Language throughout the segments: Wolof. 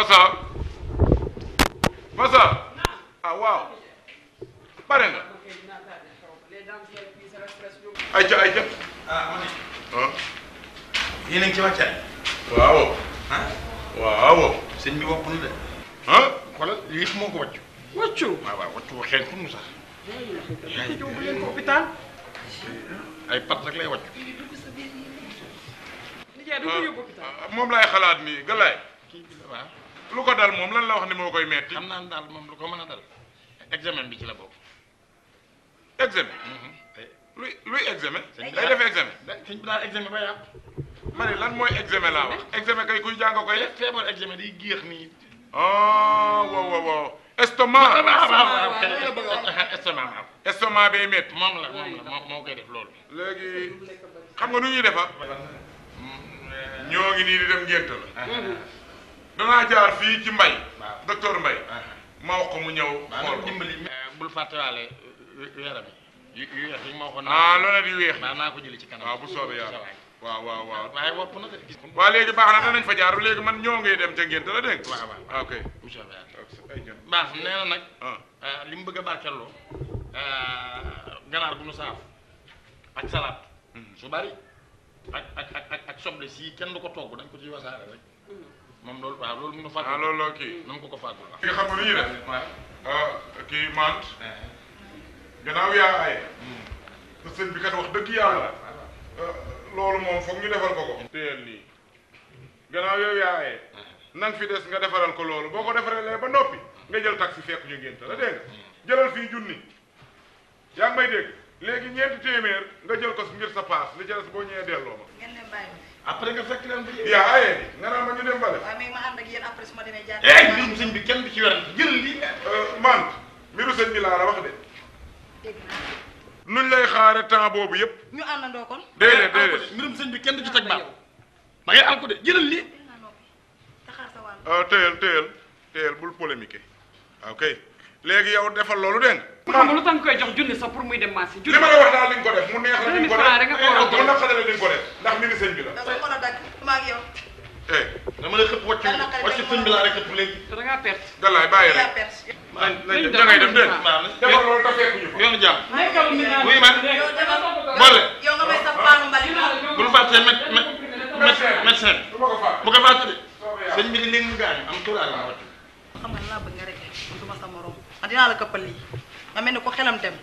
Fasa Fasa ah waaw pare nga. ayca ayca. ah man ah. de. yéen a ngi ci wàccaay. waaw. ah waaw. sëñ bi wokk na de. ah xoolal lii moo ko wàcc. wàccu waaw waaw wàccu ba xeeñ mu sax. ay leen ko hôpital. ay pat rek lay wàcc. Ah, ah, moom laay xalaat nii galaay. waaw. lu ko dal moom lan la wax ni moo koy metti xam naa daal moom lu ko mën a dal examen bi ci la bokk. examen. Mhm. Eh, luy luy examen. day def examen. sëñ bi daal lan mooy examen laa wax. examen kay kuy jàng koy def. feebar examen di géex nii. oh wow wow wow. estomac estomac estomac bay métti. moom la moom la moo koy def loolu. léegi xam nga nu ñuy defa mm, eh. danaa jaar fii ci Mbaye. docteur Mbaye. Ah. ma wax ko mu ñëw. xool dimbali eh, bul fàttewaale weeram yi yu weex yi ma waxoon. ah loolu yu weex naa ko jëli ci kanam. waaw ah, bu soobee yàlla waaw waaw waaw. waaye wopp na de. waaw léegi baax na danañ fa jaar léegi man ñoo ngay dem ca ngénte la dégg nga. waaw waaw ah, ok. incha allah baax nee na nag. Eh, li mu bëgg a barkeeloo. Eh, ganaar gu nu saaf. ak salaat. Hmm. su bari ak ak ak ak soble si kenn du ko togg dañ ko ci wasaare rek. moom loolu waaw loolu mënu fàggul. ah loolu la ko ko fàggul. ki nga xam nga lu ñuy def. Ah, kii mm. bi kat wax dëgg yàlla. Ah, loolu moom foog ñu defal ko ko. téyel lii gannaaw yow yaa aaye. Mm. nang fi des nga defaral ko loolu boo ko defaree ba noppi nga jël taksi fekk ñu génn la dégg nga mm. jëlal fii junni yaa may dégg. léegi ñeenti téeméer nga jël ko ngir sa paas li jël boo ñëwee delloo ma. après nga fekk leen fi. yaa aye nga naan ma ñu dem bale. waaw mais eh, bi kenn du ci werante jël li euh, man mbiru sëñ bi laa la wax de. dégg naa. lay xaare temps boobu yëpp. ñu àndandoo kon. déedéet mbirum sëñ bi kenn du ci teg baax ma ngay alko de jëlal lii. tëyal tëyal tëyal bul polémique ok. léegi yow defal loolu dégg nga. xam nga lu tax nga koy jox junni sax pour muy dem marché. junni li ma la wax daal liñ ko def mu neex la liñ ko def mu naqare la liñ ko def ndax mini sëñ bi la. da koy mën a dagg maa ngi yow. eh dama lay xëpp wàcc wàcc sëñ bi laa rek xëpp léegi. da ngaa perte. da laay bàyyi rek. nañ dem da ngay dem dégg nga. defal loolu te fekk ñu fa. yoonu jàmm. oui man. boole. yow nga may sax paanu mbali. bu ñu fàttee met met met médecin. bu ko fàtte de. sëñ bi di léegi mu gaañu am tuuraay la wàcc. xam nga laa bëgg nga rek du ma sa morom dinaa la këppal lii nga mel ni ku xelam dem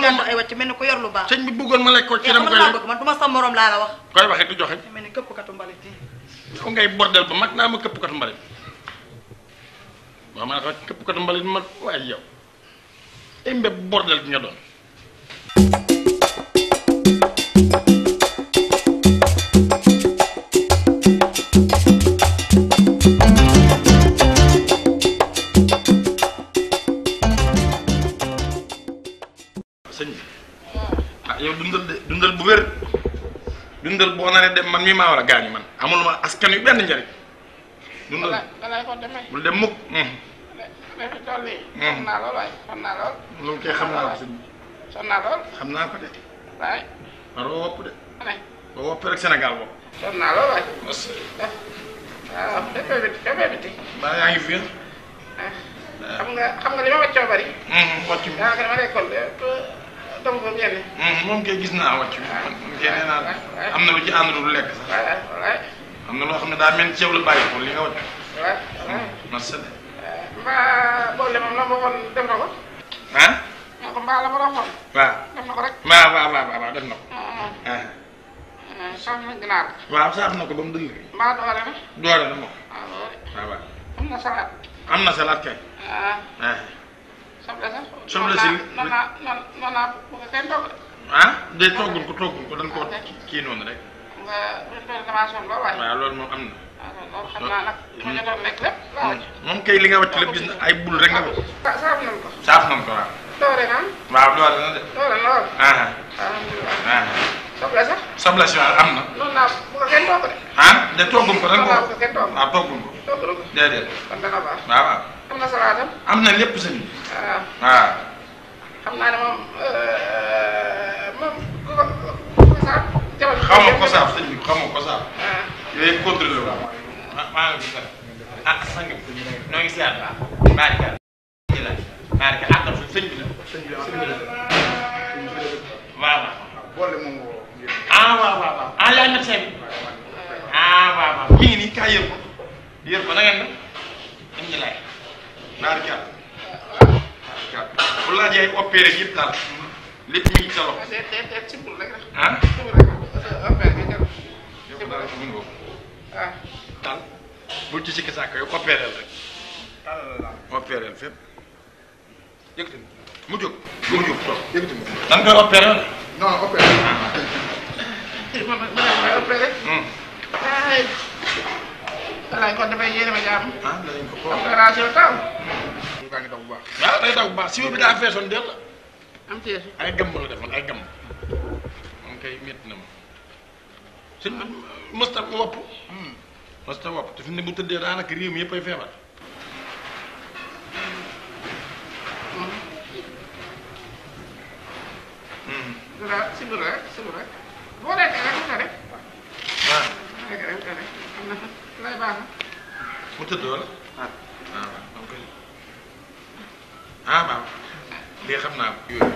nga ko ay wàcc mel ni ku yor lu baax sëñ bi bëggoon ma lekk ko ci dem koy lekk man du ma sa laa la wax koy waxee du joxe mel ni këppkatu mbalit yi yow ngay bordel ba mag naa ma këppkatu mbalit waaw man nag këppkatu mbalit ma waaye yow imbe bordel bi nga doon ko naree dem man mii maa war a gaañu man amul ma askan wi benn njariñ. dundal balaa ko demee bul dem mukk. léegi tool yi. sonn naa lool waaye sonn naa lool. lu mu xam naa ko lool. xam naa ko de. waay. waroo wopp de. boo wopp rek Sénégal bopp. sonn naa lool waay. waaw ah, dafay biti dafay biti. mbaa yaa ngi fi. Ah? Ah, xam nga xam nga li ma wàccoo bari. wàccu ma nekkoon de. dama ko génne. gis naa wàcc. waaw ah. moom naa am na lu ci àndul lekk sax. Ah, ah, am na loo xam ne daa mel ci yow la bàyyi ko li nga wàcc. waaw hmm, mbaa boole moom la ma waxoon dem nga ko. ah. moo mbaa la ma la waxoon. na ko rek. waaw waaw waaw na ko. ba mu dëgg. mbaa doole na. na moom. waaw waaw. na salaat. am na salaat kay. waaw. soble sax. soble si mën naa mën naa bu ko kenn togg de. ah de toggul ko toggul ko dañ koo ah, kii noonu rek. nga doon damaa sonn lool waaye. waaw loolu moom am na. waaw ah, loolu xam naa nag. moo ñu doon lekk lépp. moom kay li nga wàcc lépp gis na ay bul rek nga ko. waaw ah, saaf nañ ko. saaf nañ ko waaw. doole na. waaw doole na de. doole na lool. alhamdulilah. soble sax. soble si waaw am na. noonu naa bu ko kenn togg de. ah de toggul ko ren ko. waaw toggul ko. déedéet. kon dana baax waaw waaw. am na salaatam. am na lépp sëñ bi. waaw waaw. xam naa ne euh, ko ko saaf. jamono xaw ma ko saaf sëñ bi xaw ma saaf. waaw yooyu contrôlé la. maa maa ngi ko ah sang bi noo ngi siyaat baax barika la barika àkkal ah, suñ sëñ bi la. sëñ la waaw waaw. ah waaw waaw waaw ah yaa ngi médecin ah, na ngeen ne dañ naar jàll naar jàll bu laajee ay opéré yëpp daal lépp ñu ngi salo ah yëpp daal mu ngoo daal bul ci sikki sàkk yow opéré rek opéré fépp yëkkati mu jóg mu jóg toog yëkkati mu da nga koy opéré non opéré ma alaay kon ah, ko xool opération taw. ñu baa ngi daw bu baax. waaw day daw bu baax si bi daa feesoon dell. am ci ay gàmm la defal ay gàmm. moom kay métti na ma. suñ mësta wopp. Hmm. mësta wopp te fi ne bu tëddee daanaka réew mi yëpp ay feebar. voilà si biir rek si biir rek boo dee rek nga def. dëgg ah. ah, ah, la dëgg am na sax su lay baax mu tëdd wala. waaw waaw moom kay ah maam lii xam naa ko yooyu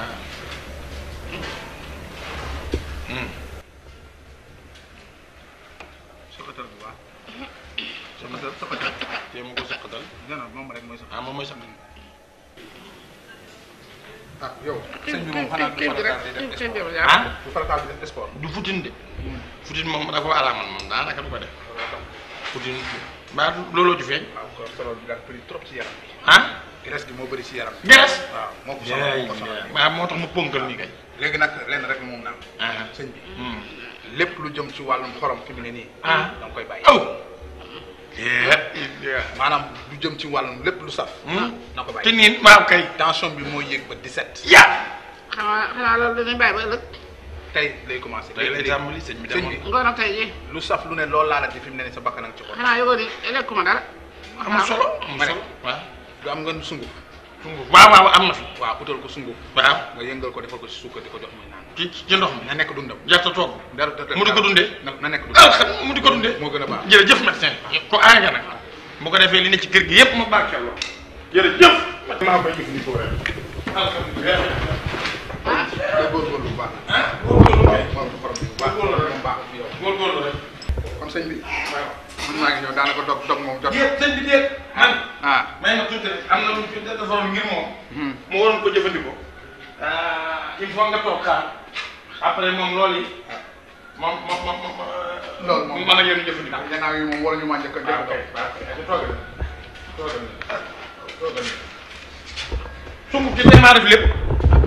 ah. soxatal bu baax. soxatal soxatal. tey ma ko soxatal. non non moom rek mooy soxatal ah moom mooy soxatal. ah yow sëñ bi moom xanaa du farataal di futin de. futin moom dafa araaman moom daanaka du ko def. futin mbaa looloo ci feeñ. waaw moo bëri ci yaram bi. Ah? graisse waaw moo ko soxla moo ko soxla waaw moo tax mu ponkal kay. léegi nag lenn rek moom naan. Ah. sëñ hmm. lépp lu jëm si wàllum xorom fi mu ne nii. Ah. da nga koy bàyyi. Oh. maanaam lu ci wàllum lépp lu saf. Hmm? Ah, na ko bàyyi te niin maa kay. tension bi mooy yéeg ba ya xanaa xanaa loolu dañuy bàyyi ba ëllëg. tey lay commencé. tey lay tàmbali sëñ bi demoon ngoonam tey jii. lu saf lu ne loolu laalati fi mu ne nii sa bakkan ak ci xol. xanaa yow de lekkuma dara. amul solo amul solo waaw am nga sunguf. sunguf waaw waaw am na fi. waaw utal ko sunguf. waaw nga yëngal ko defal ko ci suukar di ko jox muy naan. na nekk dundam. jarta toog mu di ko dundee. na nekk dundam ah, mu di ko dundee. moo gën a baax jërëjëf médecin ah. ko aaya nga bu ko defee li ne ci kër gi yépp ma barkeel loo jërëjëf maa koy jëfandikoo rek alhamdulilah góorgóorlu bu baax góorgóorlu rek kon sëñ bi man maa ngi ñëw daanaka dog dog moom jot sëñ bi déet man ah may ma tuuti rek am na lu ci defaroon ngir moom mu waroon ko jëfandikoo il faut nga toog xaar après moom loolu yi moom moom moom. loolu moom mu mën a yéen jëfandikoo. ndax gannaaw yi moom waruñu maa njëkk a jëfandikoo. Ah, waaw kay waaw ah, kay toogal na toogal na sunguf gi tey maa def lépp.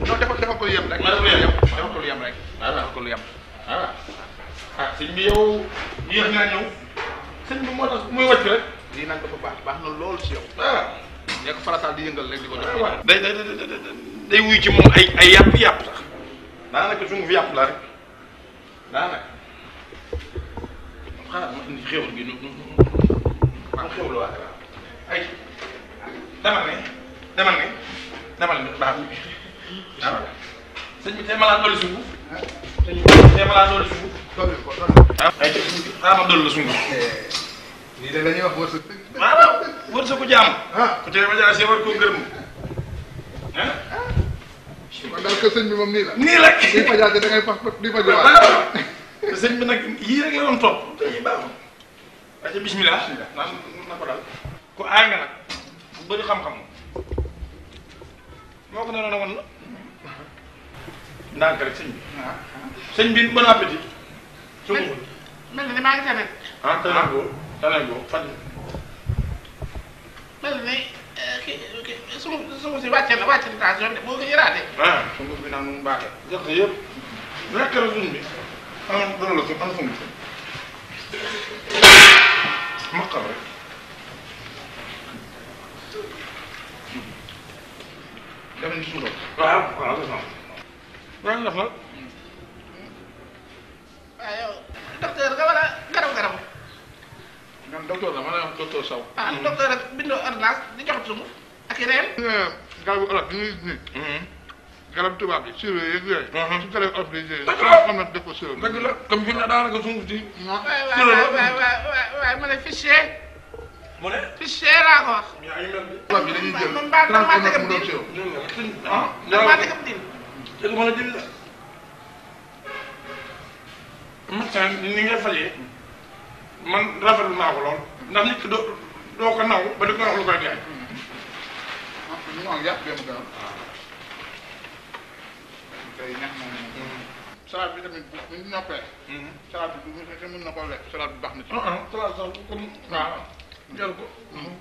non defal defal ko lu yem rek. defal ko lu yem rek. waaw defal ko lu yem. ah sëñ bi yow yéex naa ñëw. sëñ bi moo tax muy wàcc rek. lii nag dafa baax baax na lool si yow. ah nee ko farataal di yëngal rek di ko jox. Ah, day day day wuy ci moom ay ay yàpp yàpp sax daanaka sunguf yàpp la rek. daanaka xanaa ma indi xéwal gi nu nu ma am xéwal waat ay demal ne demal ne demal ne baax na sëñ bi tey ma laa dolli sunguf tey ma laa dolli sunguf dolli ko ay xanaa ma dolli la sunguf ah, eh, lii de la ñuy wax wërsëg waaw wërsëgu jaam ah. ku tey ma jaay see war koo gërëm daal que sëñ bi moom nii la. nii la di fajaate da ngay fas di fajawaat. te sëñ bi nag yii rek la doon topp te yii baaxul. waa ca bismillah naan na ko daal. ku aay nga nag bëri xam-xam moo ko doon woon la. ndànk rek sëñ bi. Ah, ah. sëñ bi bon appétit. su ma wut mel na ni maa ngi tane. ah tane ko tane ko fan. mel ni. kii kii su ma si wàcce na wàcce na tension de boo ko yëraatee. ah sunguf bi bi. am dana la suñ am sunguf maqal rek. def nañ suuf waaw waaw c'est ça. waaw ndax nag. waaw yow docteur nga docteur la ma ne am docteur Sow. ah docteur rek bindoo ordonnance di jox suñu ak yeneen. garabu olof bi ñuy nit. garab tubaab bi sirop yeeg yooyu. su ko defee olof bi yooyu. xam na def ko sirop. dëgg la comme fi mu ne daanaka suñu ji. non sirop la waay waay waay ma ne fichier. mu ne fichier laa ko wax. yaa ngi mel ni. tubaab bi dañuy jël trente minutes mu doon sirop. ah ñaar maa dëgg din. dëgg mën a din la. médecin ni nga fajee. man rafetlu naa ko lool ndax nit ki doo doo ko naw ba di ko wax lu koy dee. waaw yàq benn gaaw. tey ñax moom salaat bi tamit bu ñu noppee. Mhm. salaat bi bu fekkee mën na koo lekk salaat bi baax na ci. ah ah salaat sax bu ko waaw jël ko. Mhm.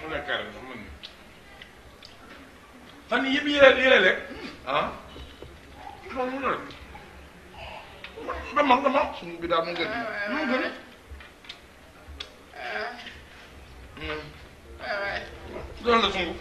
mu lekk rek sax mën na. fan yii yëpp yële yële lekk ah loolu mun na damam damam suñu bi daal mu gën mu gën doon la sungu